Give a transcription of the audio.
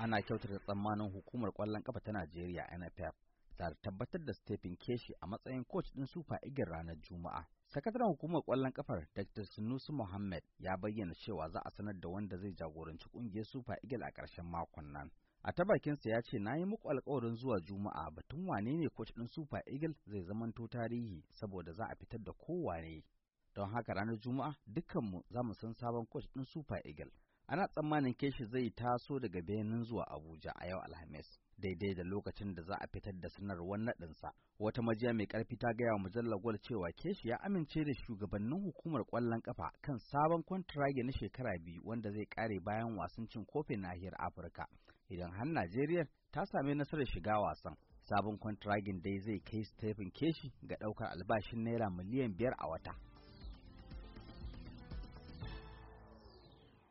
ana kyautata tsammanin hukumar kwallon kafa ta Najeriya NFF ta tabbatar da Stephen Keshi a matsayin coach ɗin Super Eagles ranar Juma'a. Sakataren hukumar kwallon ƙafar Dr. Sunusu Mohammed ya bayyana cewa za a sanar da wanda zai jagoranci ƙungiyar Super Eagles a ƙarshen makon nan. A ta bakinsa ya ce na yi muku alƙawarin zuwa Juma'a batun wane ne coach ɗin Super Eagles zai zamanto tarihi saboda za a fitar da kowane. Don haka ranar Juma'a dukkanmu za mu san sabon coach ɗin Super Eagles. Ana tsammanin keshi zai taso daga Benin zuwa Abuja a yau Alhamis, daidai da lokacin da za a fitar da sanarwar naɗinsa. Wata majiya mai ƙarfi ta gaya wa mujallar gwal cewa keshi ya amince da shugabannin hukumar ƙwallon ƙafa kan sabon kwantiragi na shekara biyu wanda zai ƙare bayan wasan cin kofin nahiyar Afirka. Idan har Najeriya ta sami nasarar shiga wasan, sabon kwantiragin dai zai kai Stephen Keshi ga ɗaukar albashin naira miliyan biyar a wata.